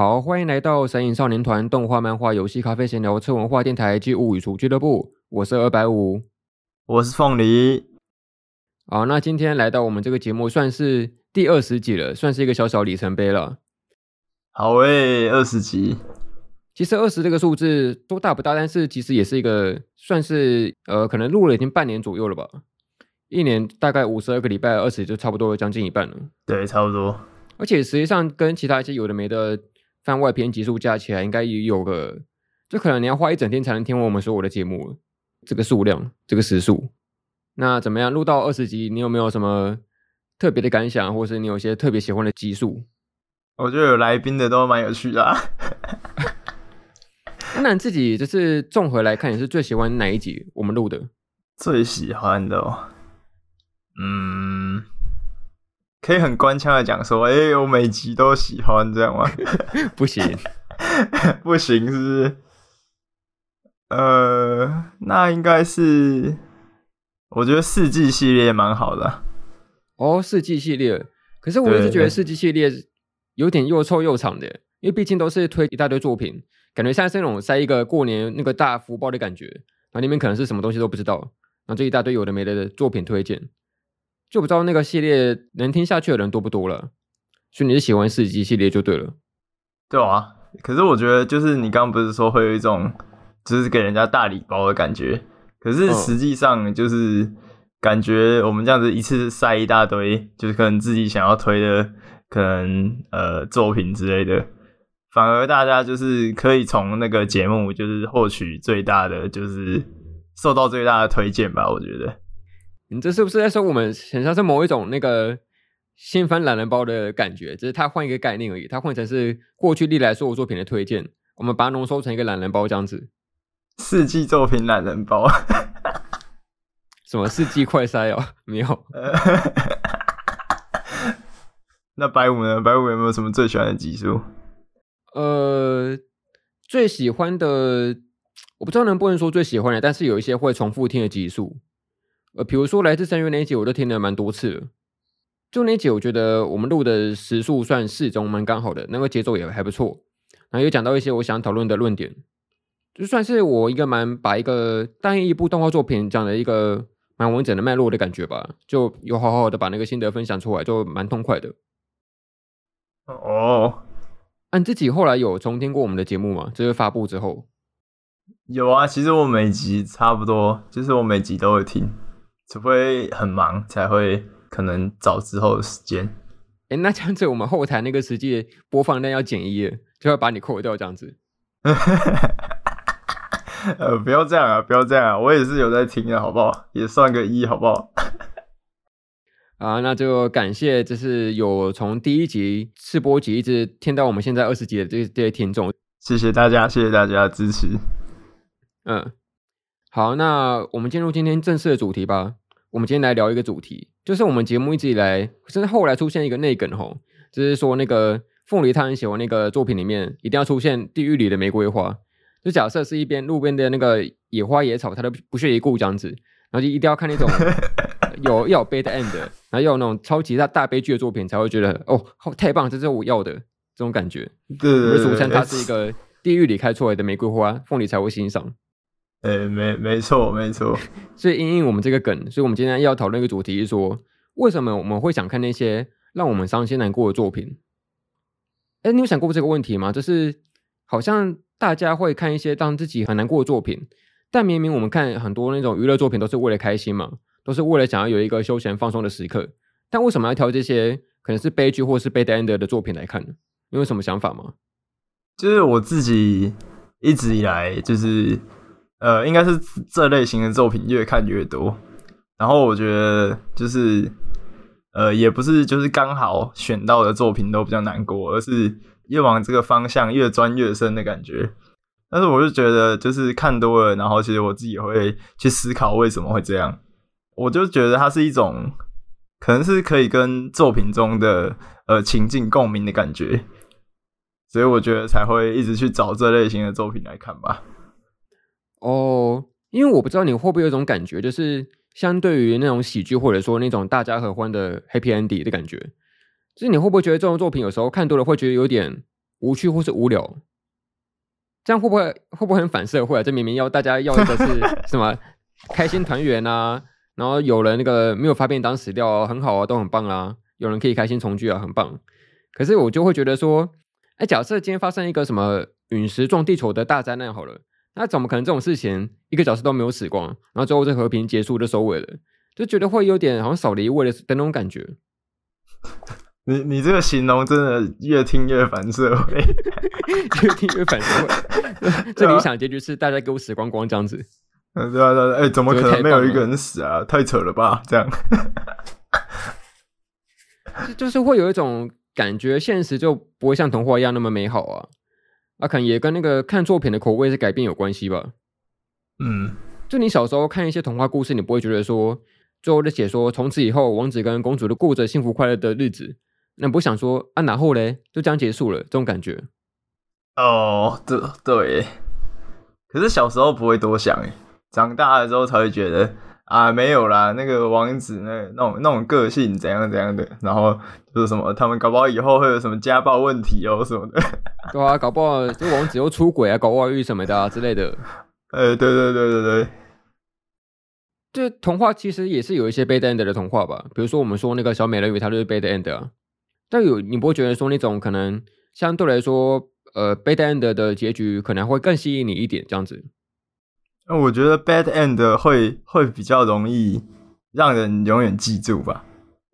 好，歡迎來到神隱少年團動畫、漫畫、遊戲、咖啡閒聊、車文化電台暨物語廚俱樂部。我是二百五，我是鳳梨。啊，那今天來到我們這個節目，算是第二十集了，算是一個小小里程碑了。好誒、欸，二十集，其實二十這個數字都大不大，但是其實也是一個算是呃，可能錄了已經半年左右了吧，一年大概五十二個禮拜，二十就差不多將近一半了。對，差不多。而且實際上跟其他一些有的沒的。番外篇集數加起來應該也有個，就可能你要花一整天才能聽完我們所有的節目。這個數量，這個時數，那怎麼樣？錄到二十集，你有沒有什麼特別的感想，或是你有些特別喜歡的集數？我覺得有來賓的都蠻有趣的、啊。 那你自己就是綜合來看，你是最喜歡哪一集我們錄的？最喜歡的哦，嗯。可以很官腔的講說，哎、欸，我每集都喜歡這樣嗎？ 不行， 不行是不是？呃，那應該是，我覺得四季系列蠻好的、啊。哦，四季系列，可是我一直覺得四季系列有點又臭又長的，對因為畢竟都是推一大堆作品，感覺像是那種塞一個過年那個大福包的感覺，然後那裡面可能是什麼東西都不知道，那這一大堆有的沒的，的作品推薦。就不知道那個系列能聽下去的人多不多了，所以你是喜歡四集系列就對了？對啊，可是我覺得就是你剛剛不是說會有一種，就是給人家大禮包的感覺，可是實際上就是感覺我們這樣子一次塞一大堆，就是可能自己想要推的，可能呃作品之類的，反而大家就是可以從那個節目就是獲取最大的，就是受到最大的推薦吧，我覺得。你這是不是在說我們很像是某一種那個“新番懶人包”的感覺？只、就是他換一個概念而已，他換成是過去歷來所有作品的推薦，我們把它濃縮成一個懶人包這樣子。四季作品懶人包， 什麼四季快篩哦、喔？沒有。呃、那白五呢？白五有沒有什麼最喜歡的集數？呃，最喜歡的我不知道能不能說最喜歡的，但是有一些會重複聽的集數。呃，比如說來自三月那一集，我都聽了蠻多次。就那一集，我覺得我們錄的時數算適中，蠻剛好的，那個節奏也還不錯。然後又講到一些我想討論的論點，就算是我一個蠻把一個單一一部動畫作品講了一個蠻完整的脈絡的感覺吧。就有好好的把那個心得分享出來，就蠻痛快的。哦，那你自己後來有重聽過我們的節目嗎？就是發布之後。有啊，其實我每集差不多，就是我每集都會聽。除非很忙，才會可能找之後的時間。哎、欸，那這樣子，我們後台那個實際播放量要減一，就要把你扣掉，這樣子。 呃，不要這樣啊，不要這樣啊，我也是有在聽的，好不好？也算個一，好不好？啊， 那就感謝，就是有從第一集試播集一直聽到我們現在二十集的這這些聽眾，謝謝大家，謝謝大家的支持。嗯，好，那我們進入今天正式的主題吧。我們今天來聊一個主題，就是我們節目一直以來，甚至後來出現一個內梗吼，就是說那個鳳梨他很喜歡那個作品裡面一定要出現地獄裡的玫瑰花，就假設是一邊路邊的那個野花野草，他都不屑一顧這樣子，然後就一定要看那種有 Bad End 的，然後要那種超級大大悲劇的作品才會覺得哦太棒，這是我要的這種感覺。我們俗稱它是一個地獄裡開出來的玫瑰花，鳳梨才會欣賞。呃、欸，沒沒錯沒錯，沒錯 所以因為我們這個梗，所以我們今天要討論一個主題，是說為什麼我們會想看那些讓我們傷心難過的作品？哎、欸，你有想過這個問題嗎？就是好像大家會看一些讓自己很難過的作品，但明明我們看很多那種娛樂作品都是為了開心嘛，都是為了想要有一個休閒放鬆的時刻，但為什麼要挑這些可能是悲劇或是 bad end 的的作品來看呢？你有什麼想法嗎？就是我自己一直以來就是。呃，應該是這類型的作品越看越多，然後我覺得就是，呃，也不是就是剛好選到的作品都比較難過，而是越往這個方向越鑽越深的感覺。但是我就覺得，就是看多了，然後其實我自己會去思考為什麼會這樣。我就覺得它是一種，可能是可以跟作品中的呃情境共鳴的感覺，所以我覺得才會一直去找這類型的作品來看吧。哦，因為我不知道你會不會有一種感覺，就是相對於那種喜劇或者說那種大家合歡的 Happy Ending 的感覺，就是你會不會覺得這種作品有時候看多了會覺得有點無趣或是無聊？這樣會不會，會不會很反社會啊？這明明要大家要的是什麼開心團圓啊？然後有人那個沒有發便當死掉啊，很好啊，都很棒啊，有人可以開心重聚啊，很棒。可是我就會覺得說，哎，假設今天發生一個什麼隕石撞地球的大災難，好了。那怎麼可能這種事情一個小時都沒有死光，啊，然後最後這和平結束就收尾了，就覺得會有點好像少了一味的那種感覺。你你這個形容真的越聽越反社會， 越聽越反社會。最 理想結局是大家給我死光光這樣子。嗯、啊，對啊，對啊誒，怎麼可能沒有一個人死啊？太，啊太扯了吧，這樣。 就是會有一種感覺，現實就不會像童話一樣那麼美好啊。啊，可能也跟那個看作品的口味是改變有關係吧？嗯，就你小時候看一些童話故事，你不會覺得說最後的解說，從此以後王子跟公主都過着幸福快樂的日子，你不想說啊，然後嘞，就這樣結束了這種感覺。哦，對對，可是小時候不會多想哎，長大的時候才會覺得。啊，沒有啦，那個王子那那種那種個性怎樣怎樣的，然後就是什麼，他們搞不好以後會有什麼家暴問題哦、喔、什麼的，對啊，搞不好就王子又出軌啊， 搞外遇什麼的啊之類的，呃、欸，對對對對對，這童話其實也是有一些 bad end 的童話吧，比如說我們說那個小美人魚，她就是 bad end，啊。但有你不會覺得說那種可能相對來說，呃，bad end 的結局可能會更吸引你一點這樣子。那我覺得 bad end 會會比較容易讓人永遠記住吧。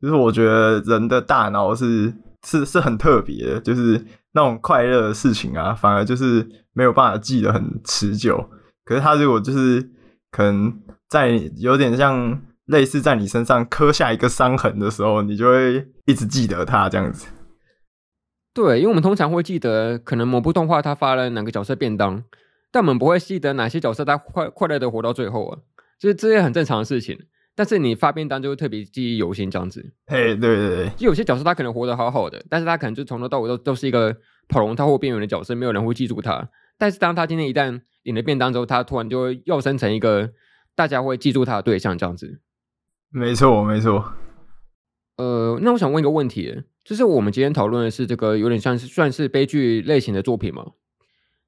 就是我覺得人的大腦是是是很特別的，就是那種快樂的事情啊，反而就是沒有辦法記得很持久。可是他如果就是可能在有點像類似在你身上刻下一個傷痕的時候，你就會一直記得他這樣子。對，因為我們通常會記得，可能某部動畫他發了哪個角色便當。但我們不會記得哪些角色他快快樂的活到最後啊，就是這些很正常的事情。但是你發便當就會特別記憶猶新這樣子。哎，hey, 對對對，就有些角色他可能活得好好的，但是他可能就從頭到尾都都是一個跑龍套或邊緣的角色，沒有人會記住他。但是當他今天一旦領了便當之後，他突然就會又生成一個大家會記住他的對象這樣子。沒錯，沒錯。呃，那我想問一個問題，就是我們今天討論的是這個有點像是算是悲劇類型的作品嗎？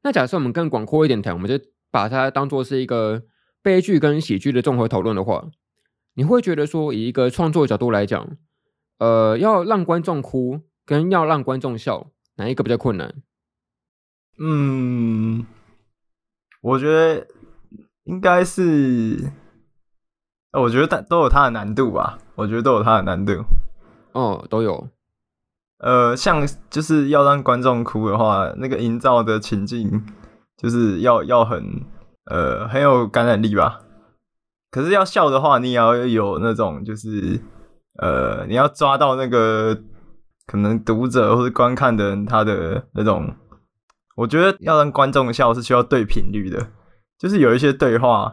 那假設我們更廣闊一點談，我們就把它當做是一個悲劇跟喜劇的綜合討論的話，你會覺得說，以一個創作角度來講，呃，要讓觀眾哭跟要讓觀眾笑，哪一個比較困難？嗯，我覺得應該是，我覺得都有它的難度吧。我覺得都有它的難度。哦，都有。呃，像就是要讓觀眾哭的話，那個營造的情境就是要要很呃很有感染力吧。可是要笑的話，你也要有那種就是呃，你要抓到那個可能讀者或者觀看的人他的那種。我覺得要讓觀眾笑是需要對頻率的，就是有一些對話，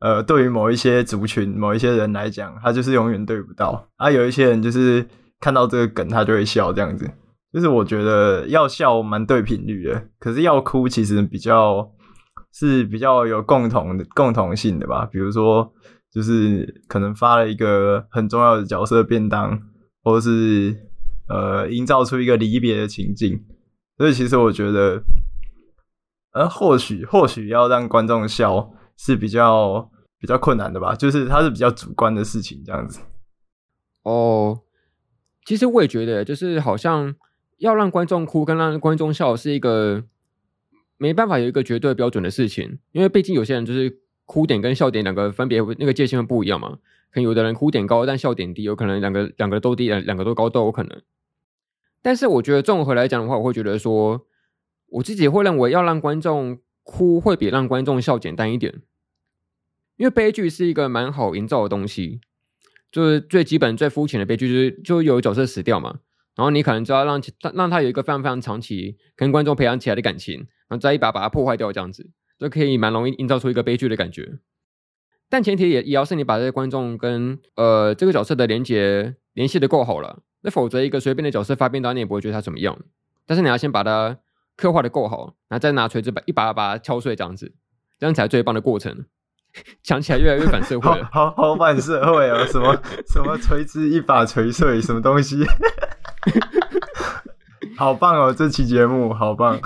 呃，對於某一些族群、某一些人來講，他就是永遠對不到；啊有一些人就是。看到這個梗，他就會笑這樣子。就是我覺得要笑蠻對頻率的，可是要哭其實比較是比較有共同共同性的吧。比如說，就是可能發了一個很重要的角色便當，或者是呃，營造出一個離別的情境。所以其實我覺得，呃，或許或許要讓觀眾笑是比較比較困難的吧。就是它是比較主觀的事情這樣子。哦。Oh. 其實我也覺得，就是好像要讓觀眾哭跟讓觀眾笑是一個沒辦法有一個絕對標準的事情，因為畢竟有些人就是哭點跟笑點兩個分別那個界限不一樣嘛。可能有的人哭點高，但笑點低，有可能兩個兩個都低，兩兩個都高都有可能。但是我覺得綜合來講的話，我會覺得說，我自己會認為要讓觀眾哭會比讓觀眾笑簡單一點，因為悲劇是一個蠻好營造的東西。就是最基本、最膚淺的悲劇，就是就有角色死掉嘛。然後你可能就要讓讓他有一個非常非常長期跟觀眾培養起來的感情，然後再一把把它破壞掉，這樣子就可以蠻容易營造出一個悲劇的感覺。但前提也也要是你把這些觀眾跟呃這個角色的連接聯繫的夠好了，那否則一個隨便的角色發便當，你也不會覺得他怎麼樣。但是你要先把它刻畫的夠好，然後再拿錘子把一把把它敲碎，這樣子這樣才最棒的過程。講 起來越來越反社會，好好反社會哦！什麼什麼錘子一把錘碎，什麼東西？好棒哦！這期節目好棒。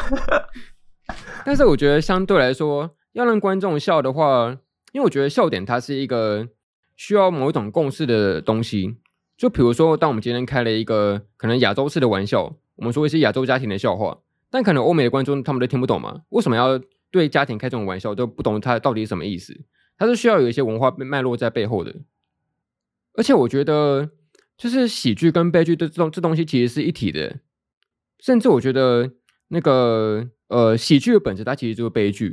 但是我覺得相對來說，要讓觀眾笑的話，因為我覺得笑點它是一個需要某一種共識的東西。就比如說，當我們今天開了一個可能亞洲式的玩笑，我們說一些亞洲家庭的笑話，但可能歐美的觀眾他們都聽不懂嘛，為什麼要對家庭開這種玩笑？都不懂他到底什麼意思？它是需要有一些文化脈絡在背後的，而且我覺得，就是喜劇跟悲劇的這這東西其實是一體的，甚至我覺得那個呃，喜劇的本質它其實就是悲劇，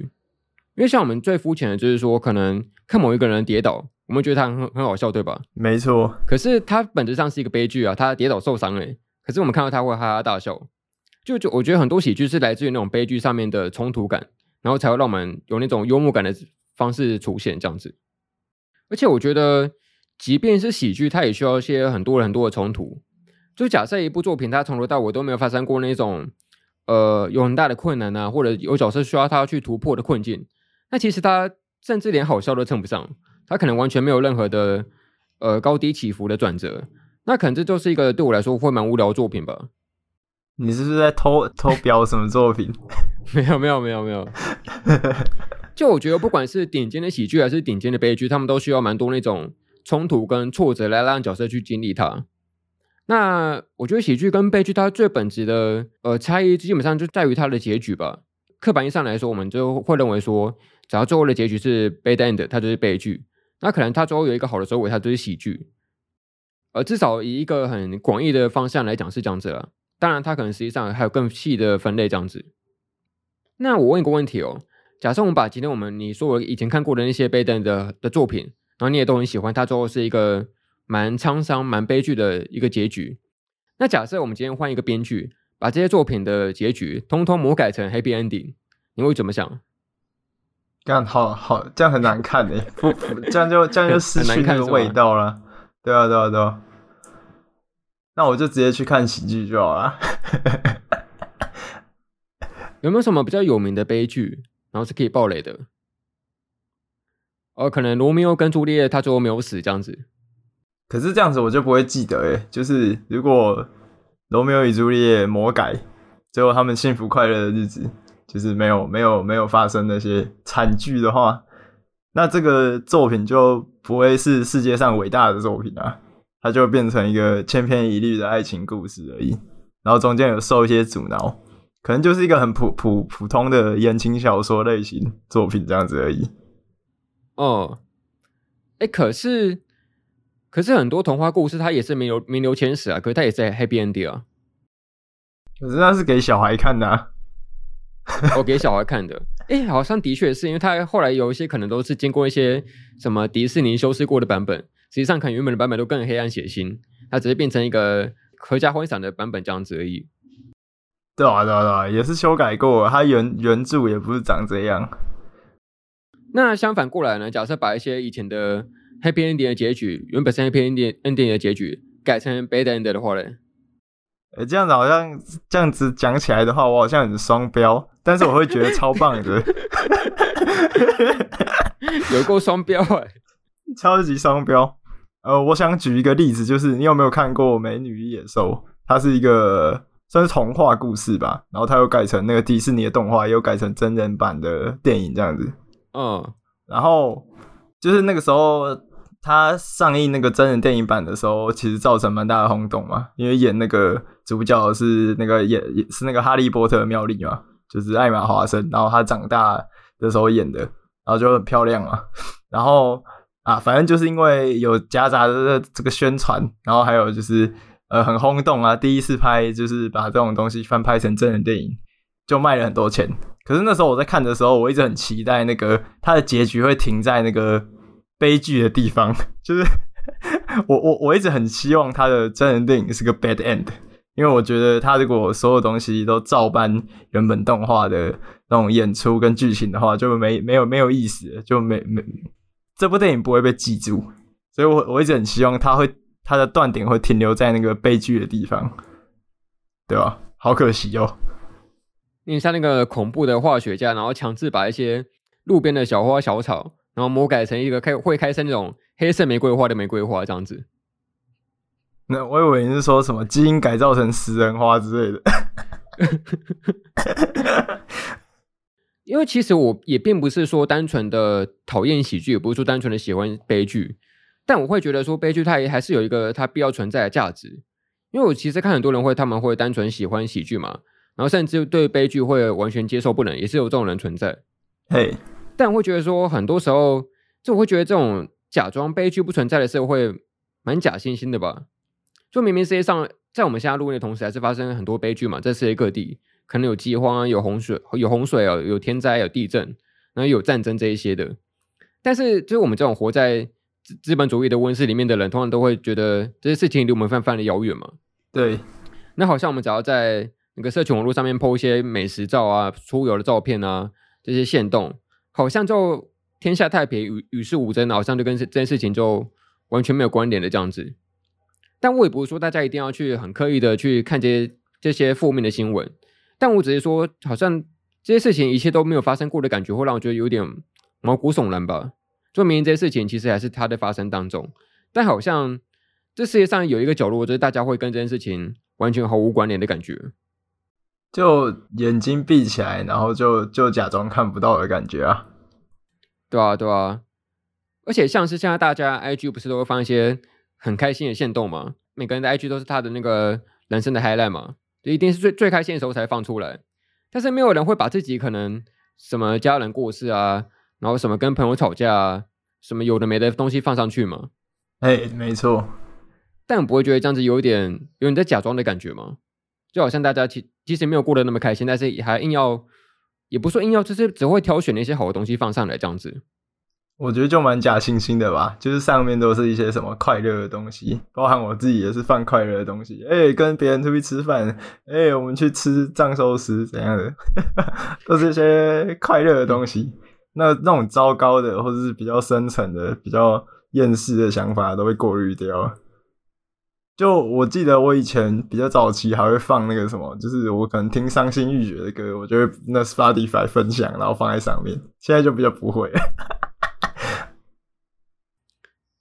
因為像我們最膚淺的就是說，可能看某一個人跌倒，我們覺得他很很好笑，對吧？沒錯。可是他本質上是一個悲劇啊，他跌倒受傷誒。可是我們看到他會哈哈大笑，就就我覺得很多喜劇是來自於那種悲劇上面的衝突感，然後才會讓我們有那種幽默感的。方式出現這樣子，而且我覺得，即便是喜劇，它也需要一些很多很多的衝突。就假設一部作品，它從頭到尾都沒有發生過那種呃有很大的困難啊，或者有角色需要他去突破的困境，那其實它甚至連好笑都稱不上。它可能完全沒有任何的呃高低起伏的轉折，那可能這就是一個對我來說會蠻無聊的作品吧。你是不是在偷偷表什麼作品？沒有沒有沒有沒有。沒有沒有沒有 就我覺得，不管是頂尖的喜劇還是頂尖的悲劇，他們都需要蠻多那種衝突跟挫折來讓角色去經歷它。那我覺得喜劇跟悲劇，它最本質的呃差異，基本上就在於它的結局吧。刻板印象上來說，我們就會認為說，只要最後的結局是 bad end，它就是悲劇；那可能它最後有一個好的收尾，它就是喜劇。而、呃、至少以一個很廣義的方向來講是這樣子了。當然，它可能實際上還有更細的分類這樣子。那我問一個問題哦。假設我們把今天我們你說我以前看過的那些 Bad End 的的作品，然後你也都很喜歡，它最後是一個蠻滄桑、蠻悲劇的一個結局。那假設我們今天換一個編劇，把這些作品的結局通通模改成 Happy Ending，你會怎麼想？這樣好好，這樣很難看的、欸，不 這樣就這樣就失去那個味道了對、啊。對啊，對啊，對啊。那我就直接去看喜劇就好了。 有沒有什麼比較有名的悲劇？然後是可以爆雷的，哦，可能羅密歐跟朱麗葉他最後沒有死這樣子，可是這樣子我就不會記得哎、欸，就是如果羅密歐與朱麗葉魔改，最後他們幸福快樂的日子，就是沒有沒有沒有發生那些慘劇的話，那這個作品就不會是世界上偉大的作品啊，它就變成一個千篇一律的愛情故事而已，然後中間有受一些阻撓。可能就是一個很普普普通的言情小說類型作品這樣子而已。哦，哎、欸，可是，可是很多童話故事它也是名留名留千史啊，可是它也是 Happy Ending 啊。可是那是給小孩看的，啊，我、哦、給小孩看的。哎、 欸，好像的確是因為它後來有一些可能都是經過一些什麼迪士尼修飾過的版本，實際上可能原本的版本都更黑暗血腥，它只是變成一個闔家歡賞的版本這樣子而已。對啊對啊對啊，也是修改過，它原原著也不是長這樣。那相反過來呢？假設把一些以前的 happy ending 的結局，原本是 happy ending 的結局，改成 bad end 的話呢？呃，這樣子好像這樣子講起來的話，我好像很雙標，但是我會覺得超棒的，的 有夠雙標啊！超級雙標。呃，我想舉一個例子，就是你有沒有看過《美女與野獸》？它是一個。算是童話故事吧，然後他又改成那個迪士尼的動畫，又改成真人版的電影這樣子。嗯，然後就是那個時候他上映那個真人電影版的時候，其實造成蠻大的轟動嘛，因為演那個主角是那個演是那個哈利波特的妙麗嘛，就是艾瑪·華森，然後他長大的時候演的，然後就很漂亮嘛，然後啊，反正就是因為有夾雜的這個宣傳，然後還有就是。呃，很轟動啊！第一次拍就是把這種東西翻拍成真人電影，就賣了很多錢。可是那時候我在看的時候，我一直很期待那個它的結局會停在那個悲劇的地方。就是我我我一直很希望他的真人電影是個 bad end，因為我覺得他如果所有東西都照搬原本動畫的那種演出跟劇情的話，就沒沒有沒有意思，就沒沒這部電影不會被記住。所以我我一直很希望它會。它的斷點會停留在那個悲劇的地方，對吧？啊，好可惜哦。你像那個恐怖的化學家，然後強制把一些路邊的小花小草，然後魔改成一個開會開成那種黑色玫瑰花的玫瑰花這樣子。那我以為你是說什麼基因改造成食人花之類的。 因為其實我也並不是說單純的討厭喜劇，也不是說單純的喜歡悲劇。但我會覺得說悲劇它也還是有一個它必要存在的價值，因為我其實看很多人會他們會單純喜歡喜劇嘛，然後甚至對悲劇會完全接受不能，也是有這種人存在。嘿，但我會覺得說很多時候，就我會覺得這種假裝悲劇不存在的社會，蠻假惺惺的吧？就明明世界上在我們現在錄音的同時，還是發生了很多悲劇嘛，在世界各地可能有飢荒啊，有洪水、有洪水啊，有天災、有地震，然後有戰爭這一些的。但是就是我們這種活在資本主義的溫室裡面的人，通常都會覺得這些事情離我們范范的遙遠嘛。對，嗯、那好像我們只要在那個社群網絡上面 PO 一些美食照啊、出遊的照片啊，這些限動，好像就天下太平與與世無爭，啊，好像就跟這件事情就完全沒有關聯的這樣子。但我也不是說大家一定要去很刻意的去看這些這些負面的新聞，但我只是說，好像這些事情一切都沒有發生過的感覺，會讓我覺得有點毛骨悚然吧。說明這些事情，其實還是他在發生當中，但好像這世界上有一個角落，就是大家會跟這件事情完全毫無關聯的感覺，就眼睛閉起來，然後就就假裝看不到的感覺啊。對啊，對啊，而且像是現在大家 IG 不是都會放一些很開心的限動嘛？每個人的 IG 都是他的那個人生的 highlight 嘛，就一定是最最開心的時候才放出來，但是沒有人會把自己可能什麼家人過世啊。然後什麼跟朋友吵架，啊，什麼有的沒的東西放上去嘛？哎、欸，沒錯。但我不會覺得這樣子有點有點在假裝的感覺嗎？就好像大家其其實沒有過得那麼開心，但是也還硬要，也不說硬要，就是只會挑選那些好的東西放上來這樣子。我覺得就蠻假惺惺的吧，就是上面都是一些什麼快樂的東西，包含我自己也是放快樂的東西。哎、欸，跟別人出去吃飯，哎、欸，我們去吃藏壽司怎樣的， 都是一些快樂的東西。嗯那那種糟糕的或者是比較深層的、比較厭世的想法都會過濾掉。就我記得我以前比較早期還會放那個什麼，就是我可能聽傷心欲絕的歌，我就會那 Spotify 分享，然後放在上面。現在就比較不會。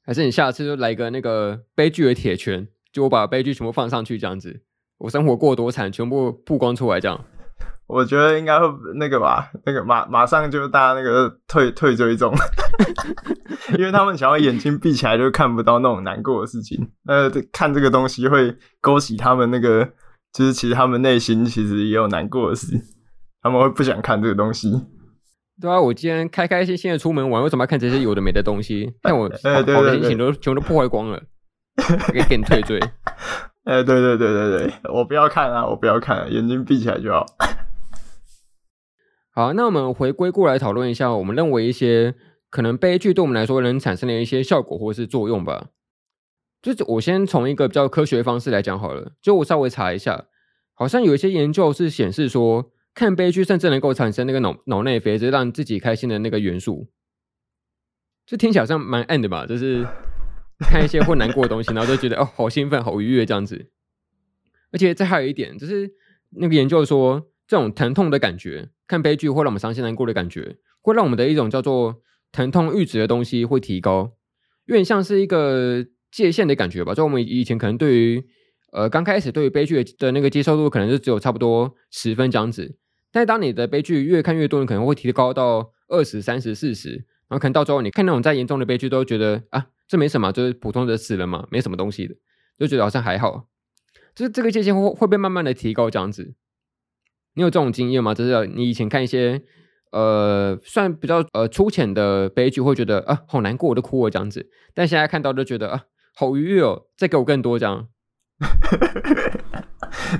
還是你下次就來個那個悲劇的鐵拳，就我把悲劇全部放上去，這樣子，我生活過得多慘，全部曝光出來這樣。我覺得應該會那個吧，那個馬馬上就大家那個退退追蹤， 因為他們想要眼睛閉起來就看不到那種難過的事情。呃、那個，看這個東西會勾起他們那個，就是其實他們內心其實也有難過的事，他們會不想看這個東西。對啊，我今天開開心心的出門玩，為什麼要看這些有的沒的東西？但我我的心情都全部都破壞光了，給，給你退追。哎， 對對對對對，我不要看啊，我不要看，啊，眼睛閉起來就好。好，那我們回歸過來討論一下，我們認為一些可能悲劇對我們來說能產生的一些效果或是作用吧。就我先從一個比較科學的方式來講好了。就我稍微查一下，好像有一些研究是顯示說，看悲劇甚至能夠產生那個腦腦內啡，就是讓自己開心的那個元素。就聽起來好像蠻 end 的吧，就是看一些會難過的東西，然後就覺得哦，好興奮，好愉悅，這樣子。而且這還有一點，就是那個研究說。這種疼痛的感覺，看悲劇會讓我們傷心難過的感覺，會讓我們的一種叫做疼痛閾值的東西會提高，有點像是一個界限的感覺吧。就我們以前可能對於呃，剛開始對於悲劇的那個接受度，可能就只有差不多十分這樣子。但當你的悲劇越看越多，你可能會提高到二十、三十、四十，然後可能到最後你看那種再嚴重的悲劇，都會覺得啊，這沒什麼，就是普通的死了嘛，沒什麼東西的，就覺得好像還好。就是這個界限會會被慢慢的提高這樣子。你有這種經驗嗎？就是、啊、你以前看一些呃，算比較呃粗淺的悲劇，會覺得啊好難過，我都哭了這樣子。但現在看到就覺得啊好愉悅哦、喔，再給我更多 這樣。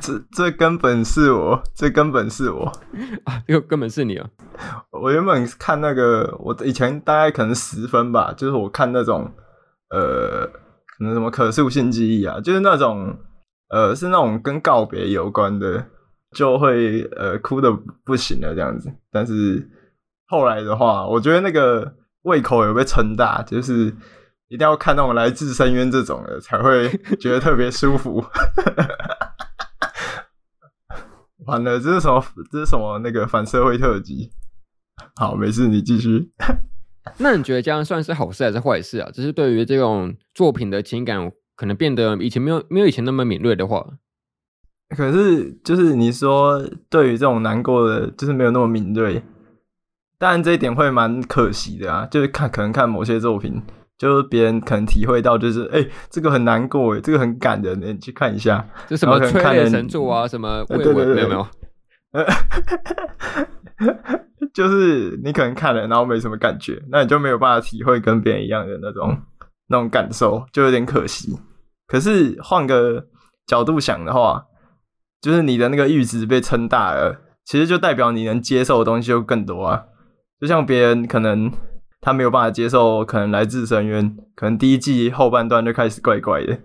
這這根本是我，這根本是我 啊，這個根本是你啊！我原本看那個，我以前大概可能十分吧，就是我看那種呃，可能什麼可塑性記憶啊，就是那種呃，是那種跟告別有關的。就會呃哭的不行了這樣子，但是後來的話，我覺得那個胃口也被撐大，就是一定要看到我來自深淵這種的，才會覺得特別舒服。 完了，這是什麼？這是什麼？那個反社會特輯？好，沒事，你繼續。 那你覺得這樣算是好事還是壞事啊？只、就是對於這種作品的情感，可能變得以前沒有沒有以前那麼敏銳的話。可是，就是你說，對於這種難過的，就是沒有那麼敏銳，當然這一點會蠻可惜的啊。就是看，可能看某些作品，就是別人可能體會到，就是哎、欸，這個很難過、欸，這個很感人、欸，你去看一下。就什麼催淚神作啊？什麼、呃？對對對，對，沒有沒有。 就是你可能看了，然後沒什麼感覺，那你就沒有辦法體會跟別人一樣的那種那種感受，就有點可惜。可是換個角度想的話。就是你的那個閾值被撐大了，其實就代表你能接受的東西就更多啊。就像別人可能他沒有辦法接受，可能《來自深淵》可能第一季後半段就開始怪怪的，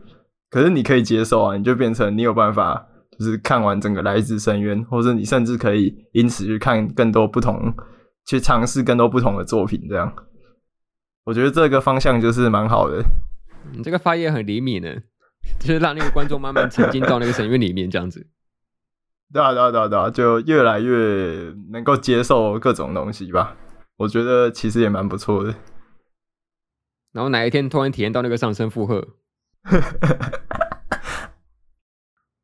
可是你可以接受啊，你就變成你有辦法，就是看完整個《來自深淵》，或者你甚至可以因此去看更多不同，去嘗試更多不同的作品。這樣，我覺得這個方向就是蠻好的。你、嗯、這個發言很靈敏的，就是讓那個觀眾慢慢沉浸到那個深淵裡面，這樣子。 對啊，對，啊對啊，對啊，對就越來越能夠接受各種東西吧。我覺得其實也蠻不錯的。然後哪一天突然體驗到那個上升負荷？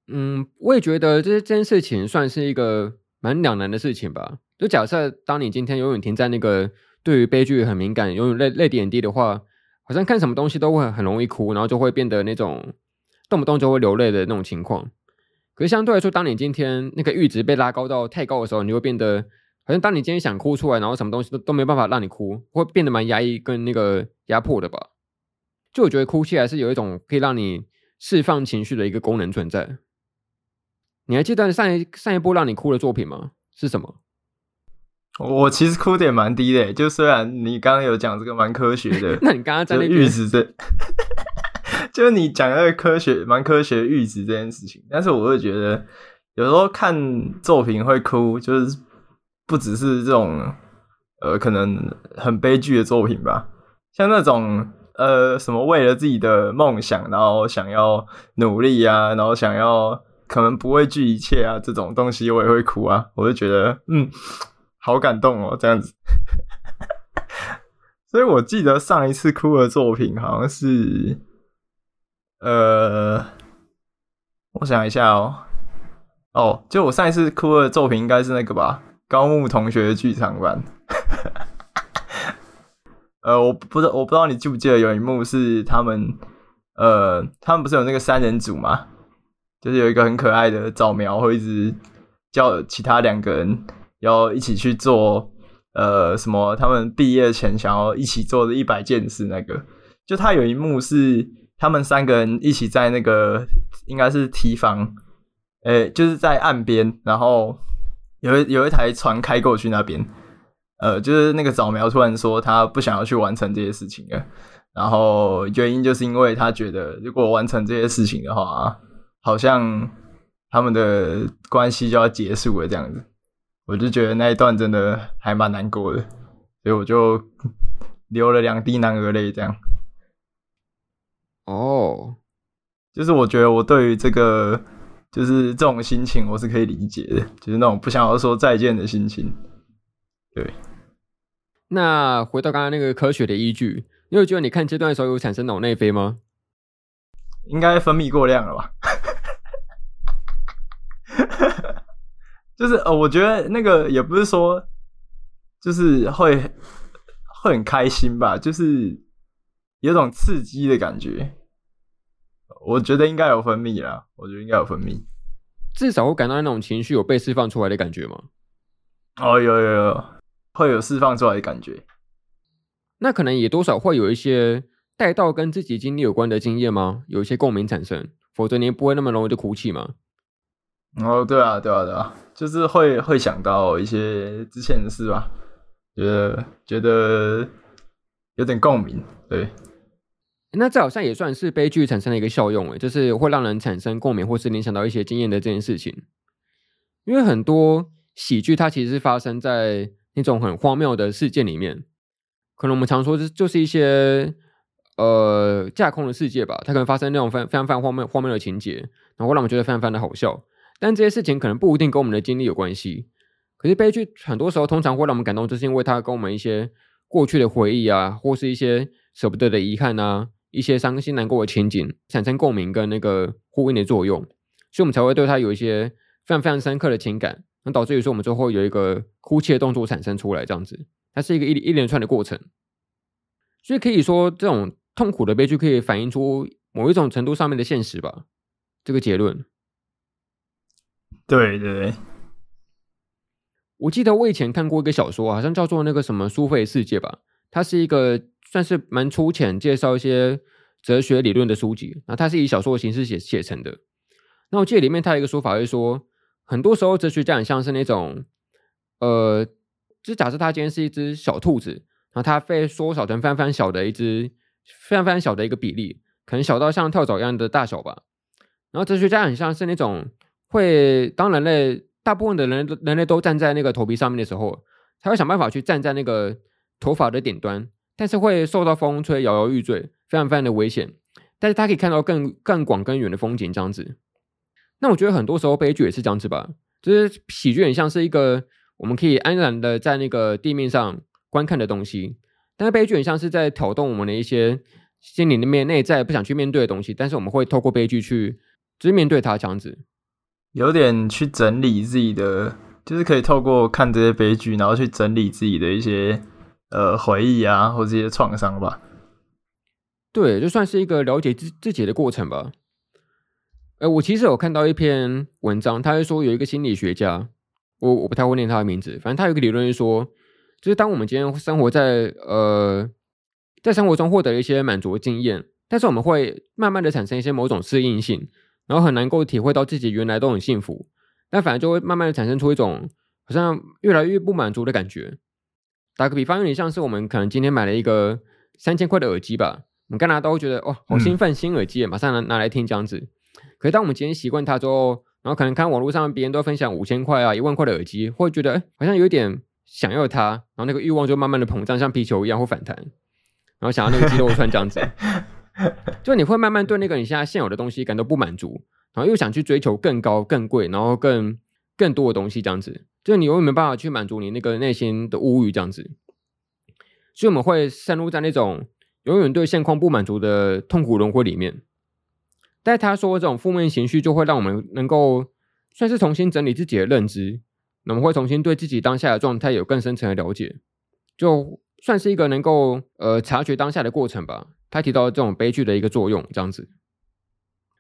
嗯，我也覺得這件事情算是一個蠻兩難的事情吧。就假設當你今天永遠停在那個對於悲劇很敏感，永遠淚淚點低的話，好像看什麼東西都會很容易哭，然後就會變得那種動不動就會流淚的那種情況。可是相對來說，當你今天那個閾值被拉高到太高的時候，你會變得好像當你今天想哭出來，然後什麼東西都都沒辦法讓你哭，會變得蠻壓抑跟那個壓迫的吧？就我覺得哭起來是有一種可以讓你釋放情緒的一個功能存在。你還記得上一上一部讓你哭的作品嗎？是什麼？我其實哭點蠻低的，就雖然你剛剛有講這個蠻科學的， 那你剛剛講的閾值的。 就是你講那個科學，蠻科學預知這件事情，但是我會覺得有時候看作品會哭，就是不只是這種呃可能很悲劇的作品吧，像那種呃什麼為了自己的夢想，然後想要努力啊，然後想要可能不畏懼一切啊這種東西，我也會哭啊，我就覺得嗯好感動哦，這樣子。 所以我記得上一次哭的作品好像是。呃，我想一下哦，哦，就我上一次哭的作品應該是那個吧，《高木同學劇場版。》 呃，我不知道，我不知道你記不記得有一幕是他們，呃，他們不是有那個三人組嘛？就是有一個很可愛的早苗，會一直叫其他兩個人要一起去做，呃，什麼？他們畢業前想要一起做的一百件事，那個，就他有一幕是。他們三個人一起在那個應該是堤防，誒、欸，就是在岸邊，然後有一有一台船開過去那邊，呃，就是那個早苗突然說他不想要去完成這些事情了，然後原因就是因為他覺得如果完成這些事情的話，好像他們的關係就要結束了這樣子，我就覺得那一段真的還蠻難過的，所以我就流了兩滴男兒淚這樣。哦，oh, 就是我覺得我對於這個就是這種心情我是可以理解的，就是那種不想要說再見的心情。對。那回到剛剛那個科學的依據，你有覺得你看這段的時候有產生腦內啡嗎？應該分泌過量了吧。 就是呃、哦、我覺得那個也不是說，就是會會很開心吧，就是。有種刺激的感覺，我覺得應該有分泌啦。我覺得應該有分泌，至少我感到那種情緒有被釋放出來的感覺嗎？哦，有有有，會有釋放出來的感覺。那可能也多少會有一些帶到跟自己經歷有關的經驗嗎？有一些共鳴產生，否則你不會那麼容易就哭泣嗎？哦，對啊，對啊，對啊，就是會會想到一些之前的事吧，覺得覺得有點共鳴，對。那這好像也算是悲劇產生了一個效用，誒，就是會讓人產生共鳴，或是聯想到一些經驗的這件事情。因為很多喜劇它其實是發生在那種很荒謬的事件裡面，可能我們常說這就是一些呃架空的世界吧，它可能發生那種非常非常荒謬荒謬的情節，然後讓我們覺得非常非常的好笑。但這些事情可能不一定跟我們的經歷有關係。可是悲劇很多時候通常會讓我們感動，就是因為它跟我們一些過去的回憶啊，或是一些捨不得的遺憾啊。一些傷心難過的情景產生共鳴跟那個呼應的作用，所以我們才會對它有一些非常非常深刻的情感，那導致於說我們最後有一個哭泣的動作產生出來，這樣子，它是一個一一連串的過程，所以可以說這種痛苦的悲劇可以反映出某一種程度上面的現實吧，這個結論。對對對。我記得我以前看過一個小說，好像叫做那個什麼《蘇菲世界》吧，它是一個。算是蠻粗淺介紹一些哲學理論的書籍，然後它是以小說的形式寫寫成的。那我記得裡面它有一個說法會說，很多時候哲學家很像是那種，呃，就假設他今天是一隻小兔子，然後它被縮小成非常非常小的一隻，非常非常小的一個比例，可能小到像跳蚤一樣的大小吧。然後哲學家很像是那種會當人類大部分的人人類都站在那個頭皮上面的時候，他會想辦法去站在那個頭髮的頂端。但是會受到風吹，搖搖欲墜，非常非常的危險。但是他可以看到更更廣更遠的風景，這樣子。那我覺得很多時候悲劇也是這樣子吧，就是喜劇很像是一個我們可以安然的在那個地面上觀看的東西，但是悲劇很像是在挑動我們的一些心靈的面內在不想去面對的東西。但是我們會透過悲劇去，就是面對它的這樣子，有點去整理自己的，就是可以透過看這些悲劇，然後去整理自己的一些，呃，回憶啊，或者一些創傷吧。對，就算是一個了解自自己的過程吧。呃，我其實有看到一篇文章，他是說有一個心理學家，我我不太會念他的名字，反正他有一個理論是說，就是當我們今天生活在呃，在生活中獲得了一些滿足經驗，但是我們會慢慢的產生一些某種適應性，然後很難夠體會到自己原來都很幸福，但反而就會慢慢的產生出一種好像越來越不滿足的感覺。打個比方，有點像是我們可能今天買了一個三千塊的耳機吧，我們剛拿到會覺得哦，好興奮，新耳機，馬上拿拿來聽這樣子。可是當我們今天習慣它之後，然後可能看網絡上別人都分享五千塊啊、一萬塊的耳機，會覺得，欸，好像有點想要它，然後那個慾望就慢慢的膨脹，像皮球一樣會反彈，然後想要那個肌肉串然這樣子，就你會慢慢對那個你現在現有的東西感到不滿足，然後又想去追求更高、更貴，然後更。更多的東西，這樣子，就你永遠沒辦法去滿足你那個內心的物欲，這樣子，所以我們會陷入在那種永遠對現況不滿足的痛苦輪回裡面。但他說，這種負面情緒就會讓我們能夠算是重新整理自己的認知，我們會重新對自己當下的狀態有更深層的了解，就算是一個能夠呃察覺當下的過程吧。他提到這種悲劇的一個作用，這樣子，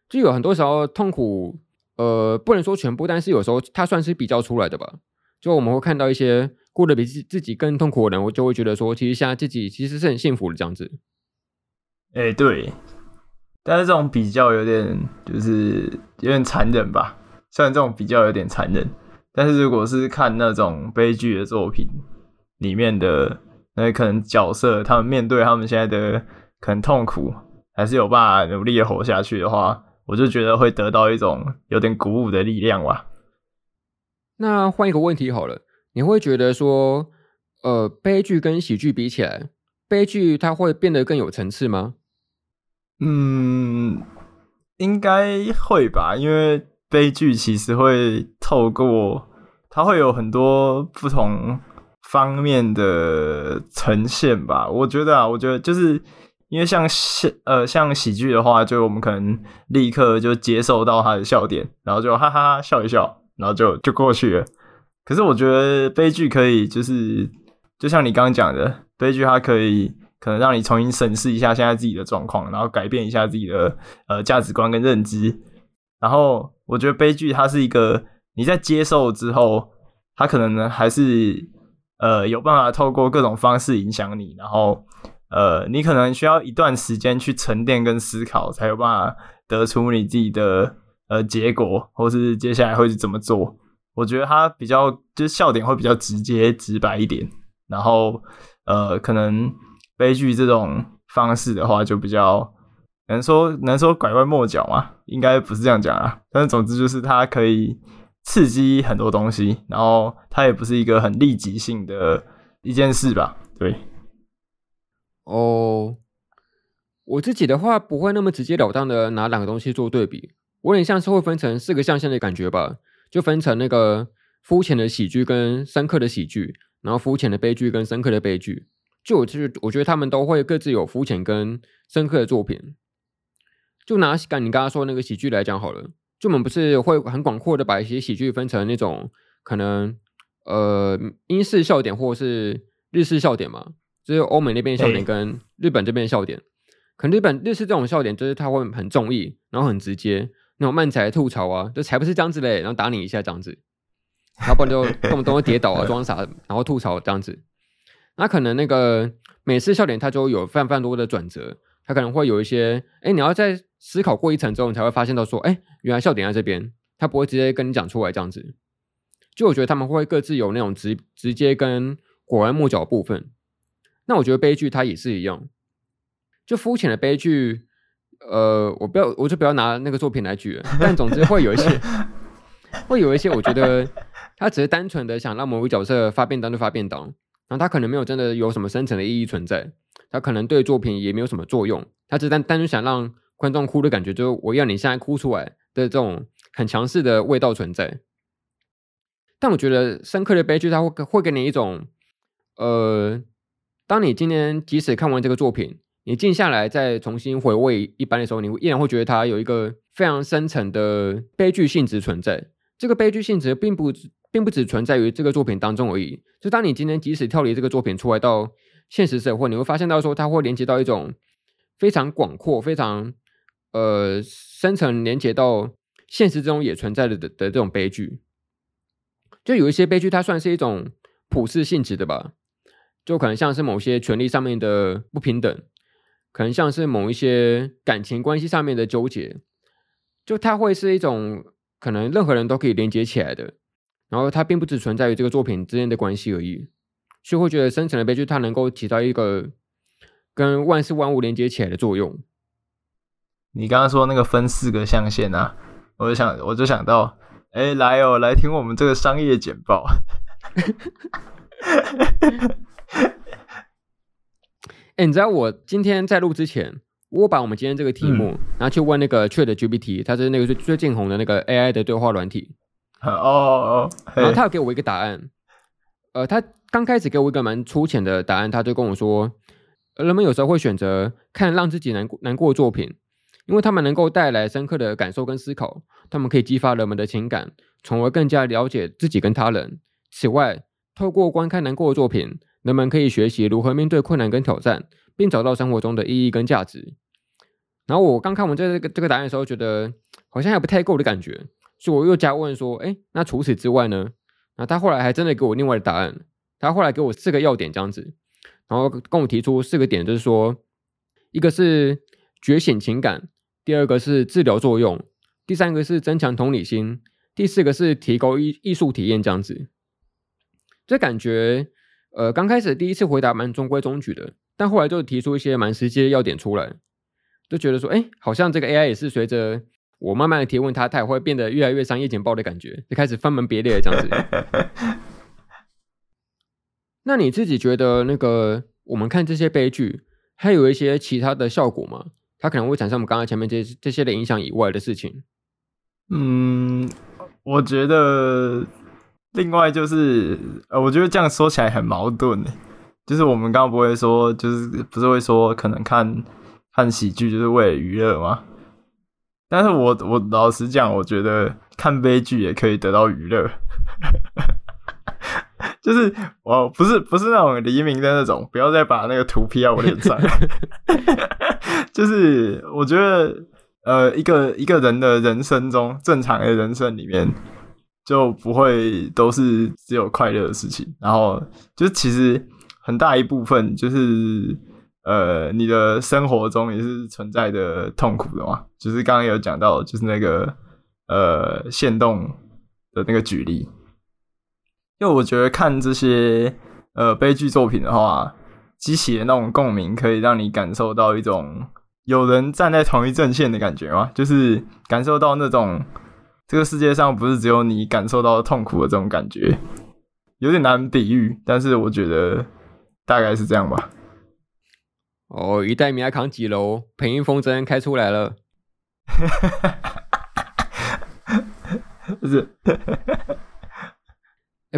就有很多時候痛苦。呃，不能說全部，但是有時候他算是比較出來的吧。就我們會看到一些過得比自自己更痛苦的人，我就會覺得說，其實現在自己其實是很幸福的這樣子。哎，欸、對。但是這種比較有點，就是有點殘忍吧。雖然這種比較有點殘忍。但是如果是看那種悲劇的作品裡面的，那可能角色他們面對他們現在的可能痛苦，還是有辦法努力的活下去的話。我就覺得會得到一種有點鼓舞的力量哇。那換一個問題好了，你會覺得說，呃，悲劇跟喜劇比起來，悲劇它會變得更有層次嗎？嗯，應該會吧，因為悲劇其實會透過它會有很多不同方面的呈現吧。我覺得啊，我覺得就是。因為像喜呃像喜劇的話，就我們可能立刻就接受到他的笑點，然後就哈哈哈笑一笑，然後就就過去了。可是我覺得悲劇可以，就是就像你剛剛講的，悲劇它可以可能讓你重新審視一下現在自己的狀況，然後改變一下自己的呃價值觀跟認知。然後我覺得悲劇它是一個你在接受之後，它可能呢還是呃有辦法透過各種方式影響你，然後。呃，你可能需要一段時間去沉澱跟思考，才有辦法得出你自己的呃結果，或是接下來會是怎麼做。我覺得它比較就是笑點會比較直接、直白一點。然後呃，可能悲劇這種方式的話，就比較能說能說拐彎抹角嘛，應該不是這樣講啦。但是總之就是它可以刺激很多東西，然後它也不是一個很立即性的一件事吧？對。哦，oh, 我自己的話不會那麼直截了當的拿兩個東西做對比，我有點像是會分成四個象限的感覺吧，就分成那個膚淺的喜劇跟深刻的喜劇，然後膚淺的悲劇跟深刻的悲劇，就就是我覺得他們都會各自有膚淺跟深刻的作品。就拿剛你剛剛說的那個喜劇來講好了，就我們不是會很廣闊的把一些喜劇分成那種可能呃英式笑點或是日式笑點嘛？就是歐美那邊笑點跟日本這邊笑點，欸、可能日本日式這種笑點就是他會很中意，然後很直接，那種漫才吐槽啊，就才不是這樣子嘞，然後打你一下這樣子，要不然就動不動就跌倒啊，裝 傻，然後吐槽這樣子。那可能那個美式笑點，它就有泛泛多的轉折，他可能會有一些，哎、欸，你要再思考過一層之後，你才會發現到說，哎、欸，原來笑點在這邊，他不會直接跟你講出來這樣子。就我覺得他們會各自有那種直直接跟拐彎抹角部分。那我覺得悲劇它也是一樣，就膚淺的悲劇，呃，我不要，我就不要拿那個作品來舉。但總之會有一些， 會有一些，我覺得它只是單純的想讓某個角色發便當就發便當，然後他可能沒有真的有什麼深層的意義存在，他可能對作品也沒有什麼作用，他只單單純想讓觀眾哭的感覺，就我要你現在哭出來的這種很強勢的味道存在。但我覺得深刻的悲劇，它會會給你一種，呃。當你今天即使看完這個作品，你靜下來再重新回味一番的時候，你依然會覺得它有一個非常深層的悲劇性質存在。這個悲劇性質並不只並不只存在於這個作品當中而已。就當你今天即使跳離這個作品出來到現實社會，你會發現到說它會連接到一種非常廣闊、非常呃深層連接到現實中也存在的的，的這種悲劇。就有一些悲劇，它算是一種普世性質的吧。就可能像是某些權力上面的不平等，可能像是某一些感情關係上面的糾結，就它會是一種可能任何人都可以連接起來的，然後它並不只存在於這個作品之間的關係而已，所以會覺得深層的悲劇它能夠起到一個跟萬事萬物連接起來的作用。你剛剛說那個分四個象限啊，我就想我就想到，哎、欸，來哦，來聽我們這個商業簡報。 欸、你知道我今天在錄之前，我把我們今天這個題目，嗯、拿去問那個 ChatGPT，它是那個最最近紅的那個 AI 的對話軟體。哦，哦哦，然後他有給我一個答案。呃，他剛開始給我一個蠻粗淺的答案，他就跟我說，人們有時候會選擇看讓自己難難過的作品，因為他們能夠帶來深刻的感受跟思考，他們可以激發人們的情感，從而更加了解自己跟他人。此外，透過觀看難過的作品，人們可以學習如何面對困難跟挑戰，並找到生活中的意義跟價值。然後我剛看完這個這個答案的時候，覺得好像還不太夠的感覺，所以我又加問說：“哎，那除此之外呢？”那他後來還真的給我另外的答案。他後來給我四個要點這樣子，然後跟我提出四個點，就是說，一個是覺醒情感，第二個是治療作用，第三個是增強同理心，第四個是提高藝藝術體驗這樣子。這感覺。呃，剛開始第一次回答蠻中規中矩的，但後來就提出一些蠻實際的要點出來，就覺得說，哎、欸，好像這個 AI 也是隨着我慢慢的提問它，它也會變得越來越商業簡報的感覺，就開始分門別類這樣子。 那你自己覺得，那個我們看這些悲劇，還有一些其他的效果嗎？它可能會產生我們剛剛前面這些這些的影響以外的事情？嗯，我覺得。另外就是，呃，我覺得這樣說起來很矛盾。就是我們剛剛不會說，就是不是會說可能看看喜劇就是為了娛樂嗎？但是我我老實講，我覺得看悲劇也可以得到娛樂。 就是我不是不是那種黎明的那種，不要再把那個圖 P 到我臉上。 就是我覺得，呃，一個一個人的人生中，正常的人生裡面。就不會都是只有快樂的事情，然後就其實很大一部分就是呃，你的生活中也是存在的痛苦的嘛。就是剛剛有講到，就是那個呃，限動的那個舉例，因為我覺得看這些呃悲劇作品的話，激起的那種共鳴，可以讓你感受到一種有人站在同一陣線的感覺嘛，就是感受到那種。這個世界上不是只有你感受到痛苦的這種感覺，有點難比喻，但是我覺得大概是這樣吧。哦，一袋米要扛幾樓，配音風箏開出來了， 不是？哎、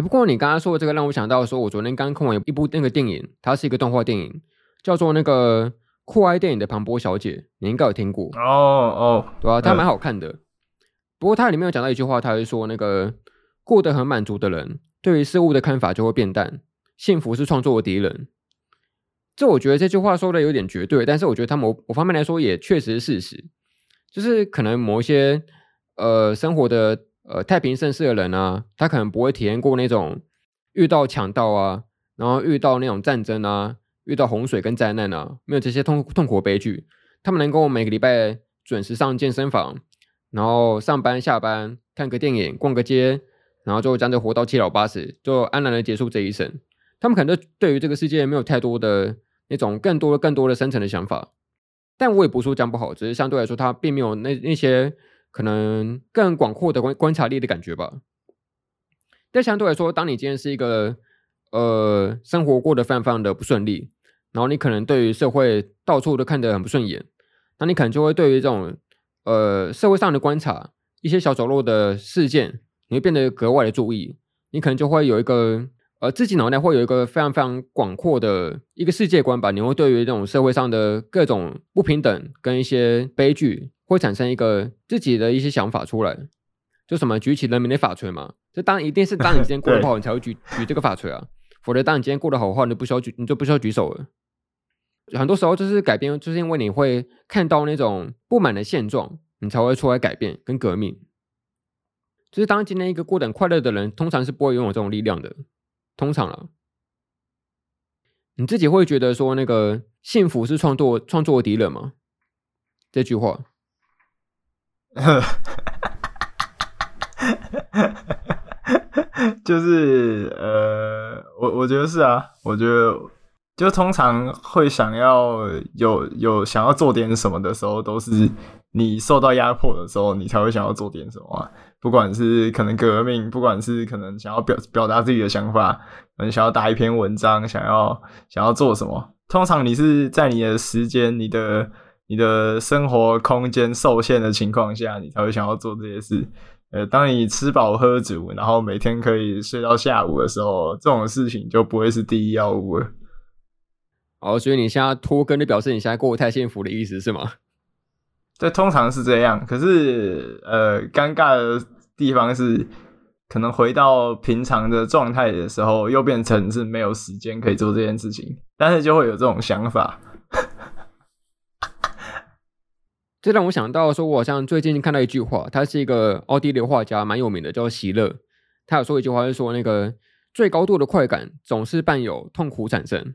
欸，不過你剛剛說的這個讓我想到，說我昨天剛看完一部那個電影，它是一個動畫電影，叫做那個酷愛電影的龐波小姐，你應該有聽過哦哦，哦對啊，它還蠻好看的。呃不過，他裡面有講到一句話，他是說：“那個過得很滿足的人，對於事物的看法就會變淡。幸福是創作的敵人。”這我覺得這句話說的有點絕對，但是我覺得他某某方面來說也確實是事實，就是可能某些呃生活的呃太平盛世的人啊，他可能不會體驗過那種遇到強盜啊，然後遇到那種戰爭啊，遇到洪水跟災難啊，沒有這些痛痛苦悲劇，他們能夠每個禮拜準時上健身房。然後上班下班看個電影逛個街，然後就後將這活到七老八十，就安然的結束這一生。他們可能對於這個世界沒有太多的那種更多更多的深層的想法，但我也不說這樣不好，只是相對來說，他並沒有那那些可能更廣闊的觀觀察力的感覺吧。但相對來說，當你今天是一個呃生活過得泛泛的不順利，然後你可能對於社會到處都看得很不順眼，那你可能就會對於這種。呃，社會上的觀察，一些小角落的事件，你會變得格外的注意。你可能就會有一個，呃，自己腦袋會有一個非常非常廣闊的一個世界觀吧。你會對於這種社會上的各種不平等跟一些悲劇，會產生一個自己的一些想法出來。就什麼舉起人民的法錘嘛。就當一定是當你今天過得不好，你才會舉 對舉這個法錘啊。否則，當你今天過得好的話，你就不需要舉，你就不需要舉手了。很多時候就是改變，就是因為你會看到那種不滿的現狀，你才會出來改變跟革命。就是當今天一個過得很快樂的人，通常是不會擁有這種力量的。通常了，你自己會覺得說，那個幸福是創作創作的敵人嗎？這句話， 就是呃，我我覺得是啊，我覺得。就通常會想要有有想要做點什麼的時候，都是你受到壓迫的時候，你才會想要做點什麼啊。不管是可能革命，不管是可能想要表表達自己的想法，可能想要打一篇文章，想要想要做什麼，通常你是在你的時間、你的你的生活空間受限的情況下，你才會想要做這些事。呃，當你吃飽喝足，然後每天可以睡到下午的時候，這種事情就不會是第一要務了。哦，所以你現在拖更，就表示你現在過得太幸福的意思是嗎？這通常是這樣。可是，呃，尷尬的地方是，可能回到平常的狀態的時候，又變成是沒有時間可以做這件事情，但是就會有這種想法。這 讓我想到說，我好像最近看到一句話，他是一個奧地利畫家，蠻有名的，叫席勒。他有說一句話，是說那個最高度的快感總是伴有痛苦產生。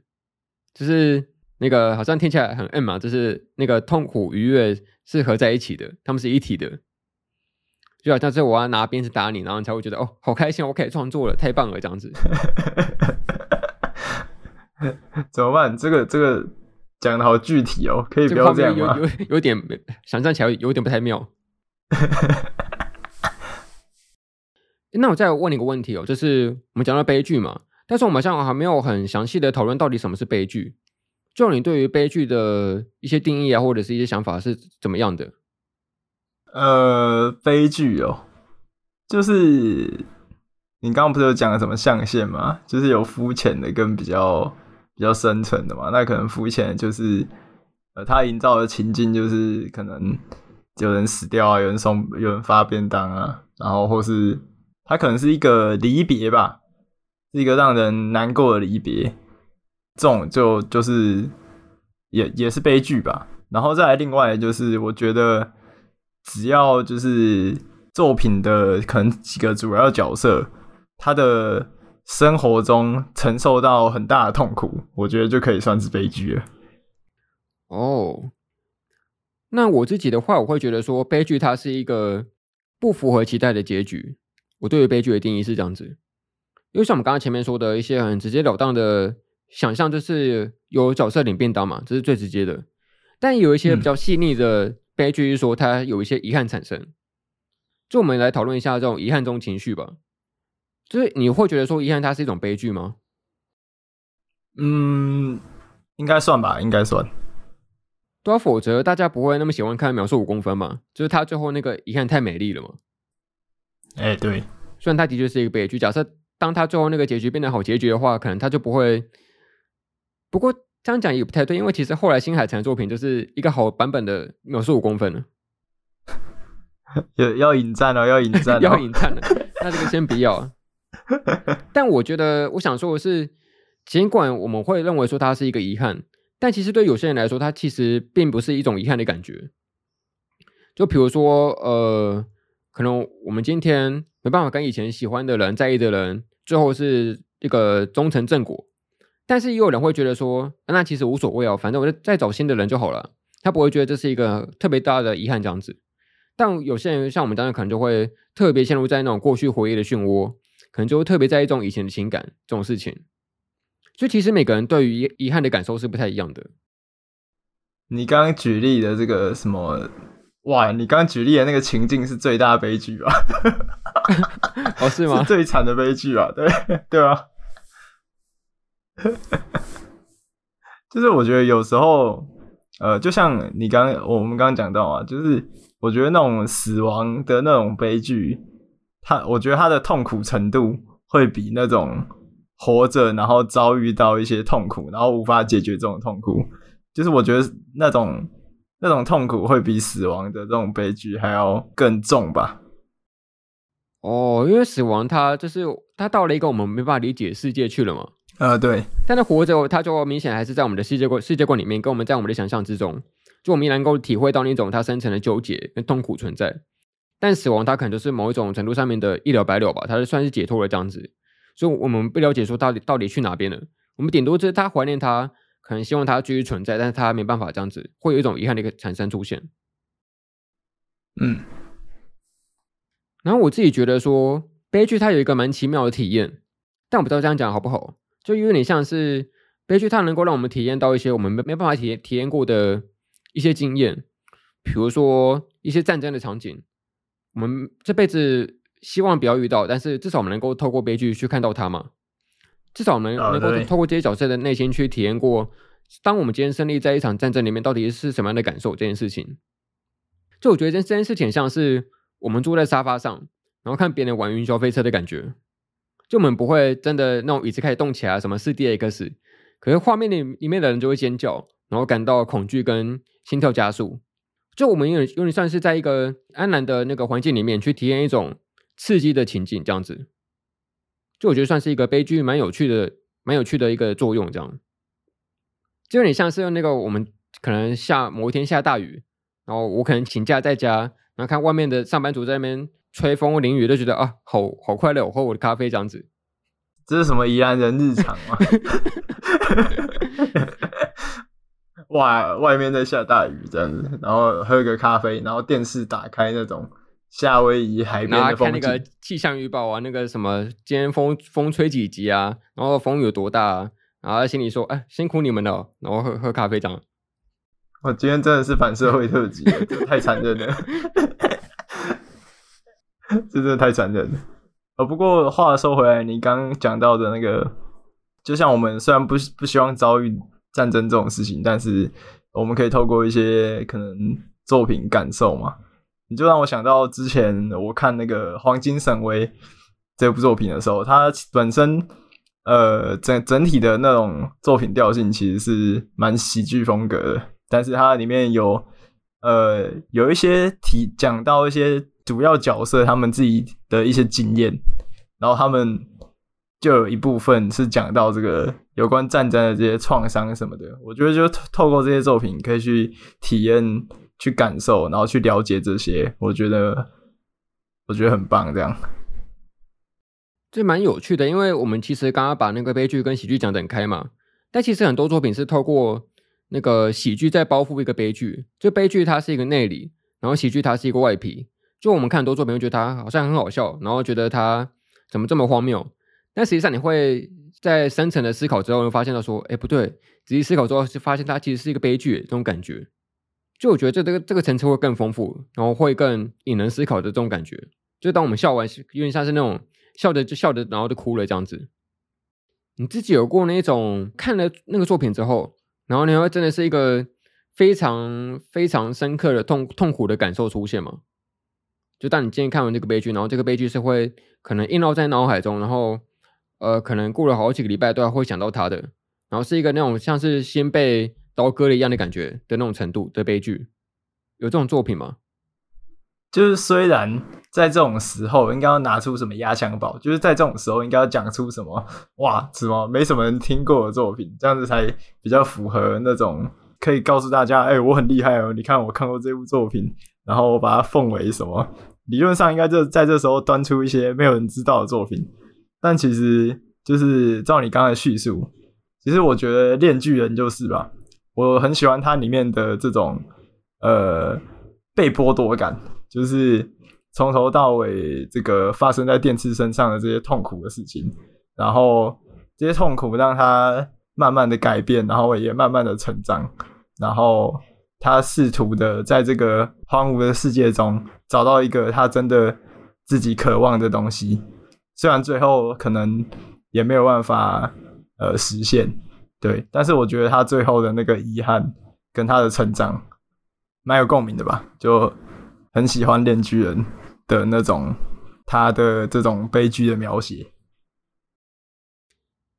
就是那個好像聽起來很 M 嘛，就是那個痛苦、愉悅是合在一起的，他們是一體的，就好像是我要拿鞭子打你，然後你才會覺得哦，好開心，OK，創作了，太棒了，這樣子。 怎麼辦？這個這個講的好具體哦，可以不要這樣嗎？有有有點想象起來，有點不太妙。 那我再問你一個問題哦，就是我們講到悲劇嘛，但是我們好像還沒有很詳細的討論到底什麼是悲劇。就你對於悲劇的一些定義啊，或者是一些想法是怎麼樣的？呃，悲劇哦，就是你剛剛不是有講了什麼象限嗎？就是有膚淺的跟比較比較深層的嘛。那可能膚淺就是呃，他營造的情境就是可能有人死掉啊，有人送，有人發便當啊，然後或是他可能是一個離別吧。是一個讓人難過的離別，這種就就是也也是悲劇吧。然後再來，另外就是，我覺得只要就是作品的可能幾個主要角色，他的生活中承受到很大的痛苦，我覺得就可以算是悲劇了。哦，oh, 那我自己的話，我會覺得說，悲劇它是一個不符合期待的結局。我對於悲劇的定義是這樣子。因為像我們剛剛前面說的一些很直截了當的想象，就是有角色領便當嘛，這是最直接的。但有一些比較細膩的悲劇，是說他有一些遺憾產生。嗯、就我們來討論一下這種遺憾中情緒吧。就是你會覺得說遺憾，它是一種悲劇嗎？嗯，應該算吧，應該算。對啊，否則大家不會那麼喜歡看《秒速五公分》嘛，就是他最後那個遺憾太美麗了嘛。哎、欸，對，雖然他的確是一個悲劇，假設。當他最後那個結局變得好結局的話，可能他就不會。不過這樣講也不太對，因為其實後來新海誠的作品就是一個好版本的《秒速五公分》了。有要引戰了、哦，要引戰、哦、 要引戰了。那這個先不要。 但我覺得我想說的是，儘管我們會認為說他是一個遺憾，但其實對有些人來說，他其實並不是一種遺憾的感覺。就比如說，呃，可能我們今天沒辦法跟以前喜歡的人、在意的人。最後是一個終成正果，但是也有人會覺得說，啊、那其實無所謂哦、啊，反正我就再找新的人就好了，他不會覺得這是一個特別大的遺憾這樣子。但有些人像我們這樣，可能就會特別陷入在那種過去回憶的漩渦，可能就會特別在意這種以前的情感這種事情。所以其實每個人對於遺憾的感受是不太一樣的。你剛剛舉例的這個什麼？哇，你剛剛舉例的那個情境是最大的悲劇吧？ 哦，是嗎？是最慘的悲劇啊，對對啊。 就是我覺得有時候，呃，就像你剛我們剛剛講到啊，就是我覺得那種死亡的那種悲劇，它我覺得它的痛苦程度會比那種活着然後遭遇到一些痛苦，然後無法解決這種痛苦，就是我覺得那種。那種痛苦會比死亡的這種悲劇還要更重吧？哦，因為死亡它就是它到了一個我們無法理解的世界去了嘛。呃，對。但是活着，它就明顯還是在我們的世界觀、世界觀裡面，跟我們在我們的想象之中，就我們能夠體會到那種它深層的糾結跟痛苦存在。但死亡，它可能就是某一種程度上面的一了百了吧，它就算是解脫了這樣子。所以，我們不了解說到底到底去哪邊了。我們頂多就是他懷念他。可能希望它繼續存在，但是它沒辦法這樣子，會有一種遺憾的一個產生出現。嗯，然後我自己覺得說，悲劇它有一個蠻奇妙的體驗，但我不知道這樣講好不好，就有點像是悲劇，它能夠讓我們體驗到一些我們沒沒辦法體驗體驗過的一些經驗，比如說一些戰爭的場景，我們這輩子希望不要遇到，但是至少我們能夠透過悲劇去看到它嘛。至少我們能夠透過這些角色的內心去體驗過，當我們今天勝利在一場戰爭裡面到底是什麼樣的感受這件事情，就我覺得這這件事挺像是我們坐在沙發上，然後看別人玩雲霄飛車的感覺，就我們不會真的那種椅子開始動起來，什麼 4DX，可是畫面裡裡面的人就會尖叫，然後感到恐懼跟心跳加速，就我們有點有點算是在一個安然的那個環境裡面去體驗一種刺激的情景這樣子。就我覺得算是一個悲劇，蠻有趣的，蠻有趣的一個作用這樣。就有點像是用那個，我們可能下某一天下大雨，然後我可能請假在家，然後看外面的上班族在那邊吹風淋雨，就覺得啊，好好快樂，我喝我的咖啡這樣子。這是什麼宜蘭人日常嗎？外 外面在下大雨這樣子，然後喝個咖啡，然後電視打開那種。夏威夷海邊的風景。然後看那個氣象預報啊，那個什麼，今天風風吹幾級啊，然後風有多大啊？然後心裡說：“哎，辛苦你們了。”然後喝喝咖啡這樣，講。我今天真的是反社會特輯， 這太殘忍了！ 這真的太殘忍了。呃、哦，不過話說回來，你剛剛講到的那個，就像我們雖然不不希望遭遇戰爭這種事情，但是我們可以透過一些可能作品感受嘛。你就讓我想到之前我看那個《黃金神威》這部作品的時候，它本身呃整整體的那種作品調性其實是蠻喜劇風格的，但是它裡面有呃有一些提講到一些主要角色他們自己的一些經驗，然後他們就有一部分是講到這個有關戰爭的這些創傷什麼的。我覺得就透過這些作品可以去體驗。去感受，然後去了解這些，我覺得，我覺得很棒。這樣，這蠻有趣的，因為我們其實剛剛把那個悲劇跟喜劇講得很開嘛。但其實很多作品是透過那個喜劇在包覆一個悲劇，就悲劇它是一個內裡，然後喜劇它是一個外皮。就我們看很多作品，會覺得它好像很好笑，然後覺得它怎麼這麼荒謬。但實際上，你會在深層的思考之後，會發現到說，哎，不對。仔細思考之後，就發現它其實是一個悲劇，這種感覺。就我覺得這這個這個層次會更豐富，然後會更引人思考的這種感覺。就當我們笑完，有點像是那種笑着就笑着然後就哭了這樣子。你自己有過那種看了那個作品之後，然後你會真的是一個非常非常深刻的痛痛苦的感受出現嗎？就當你今天看完這個悲劇，然後這個悲劇是會可能縈繞在腦海中，然後呃，可能過了好幾個禮拜都還會想到它的。然後是一個那種像是先被。刀割的一樣的感覺的那種程度的悲劇，有這種作品嗎？就是雖然在這種時候應該要拿出什麼壓箱寶，就是在這種時候應該要講出什麼哇什麼沒什麼人聽過的作品，這樣子才比較符合那種可以告訴大家，哎、欸，我很厲害哦，你看我看過這部作品，然後我把它奉為什麼？理論上應該就在這時候端出一些沒有人知道的作品，但其實就是照你剛才敘述，其實我覺得《鏈鋸人》就是吧。我很喜歡它裡面的這種呃被剝奪感，就是從頭到尾這個發生在電次身上的這些痛苦的事情，然後這些痛苦讓他慢慢的改變，然後也慢慢的成長，然後他試圖的在這個荒蕪的世界中找到一個他真的自己渴望的東西，雖然最後可能也沒有辦法呃實現。對，但是我覺得他最後的那個遺憾跟他的成長，蠻有共鳴的吧？就很喜歡《鏈鋸人》的那種他的這種悲劇的描寫。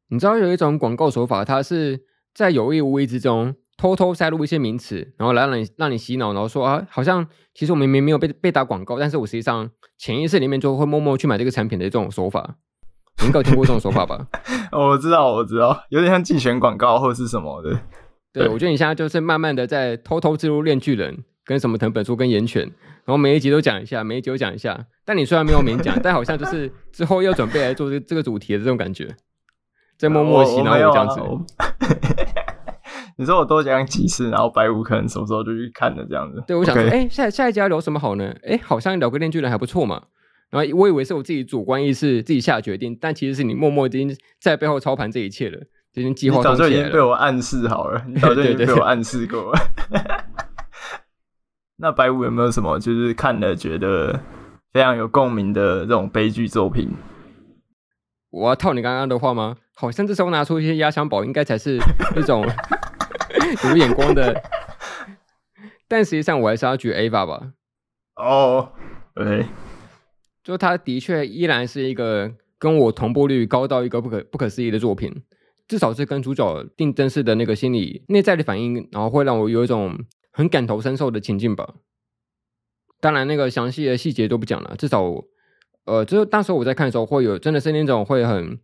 你知道有一種廣告手法，它是在有意無意之中偷偷塞入一些名詞，然後來讓你讓你洗腦，然後說啊，好像其實我明明沒有被被打廣告，但是我實際上潛意識裡面就會默默去買這個產品的這種手法。你應該有聽過這種說法吧？ 我知道，我知道，有點像競選廣告或是什麼的。對，對我覺得你現在就是慢慢的在偷偷植入《鏈鋸人》跟什麼藤本樹跟炎拳，然後每一集都講一下，每一集都講一下。但你雖然沒有明講， 但好像就是之後又準備來做這這個主題的這種感覺，在默默然後我這樣子。啊、 你說我多講幾次，然後白無可能什麼時候就去看了這樣子。對 Okay 我想說，哎、欸，下下一集聊什麼好呢？哎、欸，好像聊個鏈鋸人還不錯嘛。然後我以為是我自己主觀意識自己下決定，但其實是你默默已經在背後操盤這一切了，已經計劃好。早就已經被我暗示好了， 你早就已經被我暗示過了。 那白五有沒有什麼就是看了覺得非常有共鳴的這種悲劇作品？我要套你剛剛的話嗎？好像這時候拿出一些壓箱寶，應該才是那種 有眼光的。但實際上，我還是要舉 A 法吧。哦、oh，OK。就他的確依然是一個跟我同步率高到一個不可不可思議的作品，至少是跟主角定真實的那個心理內在的反應，然後會讓我有一種很感同身受的情境吧。當然，那個詳細的細節都不講了，至少，呃，就是那時候我在看的時候，會有真的是那種會很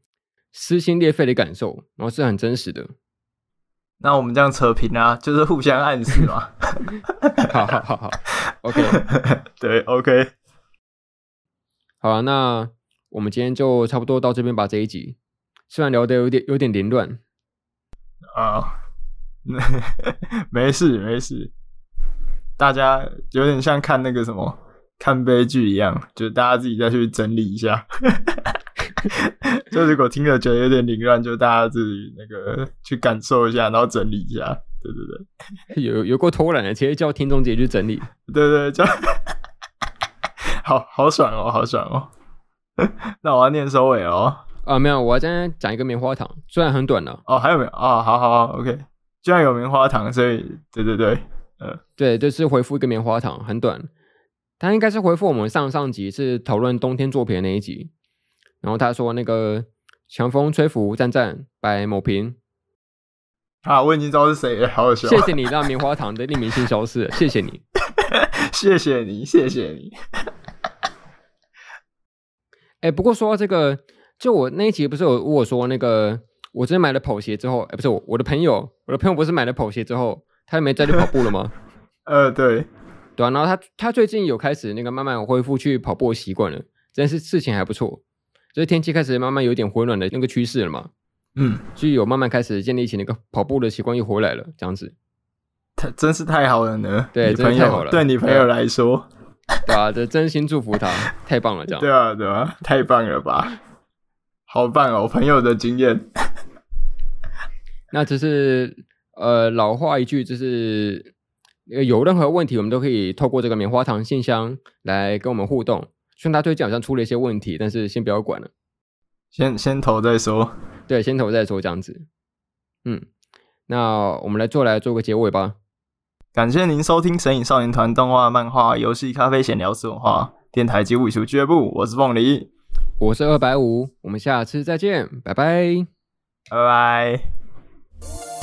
撕心裂肺的感受，然後是很真實的。那我們這樣扯平啊，就是互相暗示嘛。 好好好好，OK，對 ，OK。對 okay 好啊，那我們今天就差不多到這邊吧。這一集雖然聊得有點有點凌亂，啊、哦，沒沒事沒事，大家有點像看那個什麼看悲劇一樣，就是大家自己再去整理一下。 就如果聽着覺得有點凌亂，就大家自己那個去感受一下，然後整理一下。對對對，有有過偷懶的，其實叫聽眾姐去整理。對對對。就 好好爽哦，好爽哦！ 那我要念收尾哦。啊、哦，沒有，我要再講一個棉花糖，雖然很短了。哦，還有沒有？啊、哦，好好，OK。居然有棉花糖，所以對對對，呃、對，就是回復一個棉花糖，很短。他應該是回復我們上上集是討論冬天作品的那一集。然後他說：“那個強風吹拂，贊贊，白某平。”啊，我已經知道是誰了，好好笑。謝謝你讓棉花糖的匿名性消失了，謝謝你，謝謝你，謝謝你。哎，不過說到這個，就我那一集不是有我說那個，我之前買了跑鞋之後，哎，不是我我的朋友，我的朋友不是買了跑鞋之後，他就沒再去跑步了嗎？ 呃，對，對啊，然後他他最近有開始那個慢慢恢復去跑步的習慣了，真是事情還不錯，就是天氣開始慢慢有點回暖的那個趨勢了嘛，嗯，就有慢慢開始建立起那個跑步的習慣又回來了，這樣子，他真是太好了呢，對，真是太好了。對你朋友來說。 對啊，這真心祝福他，太棒了，這樣。 對啊，對啊，太棒了吧，好棒哦！我朋友的經驗。 那只是呃，老話一句，就是有任何問題，我們都可以透過這個棉花糖信箱來跟我們互動。雖然他最近好像出了一些問題，但是先不要管了，先先投再說。對，先投再說，這樣子。嗯，那我們來做來做個結尾吧。感謝您收聽《神隱少年團》動畫、漫畫、遊戲、咖啡、閒聊、次文化電台及尾數俱樂部。我是鳳梨，我是二百五。我們下次再見，拜拜，拜拜。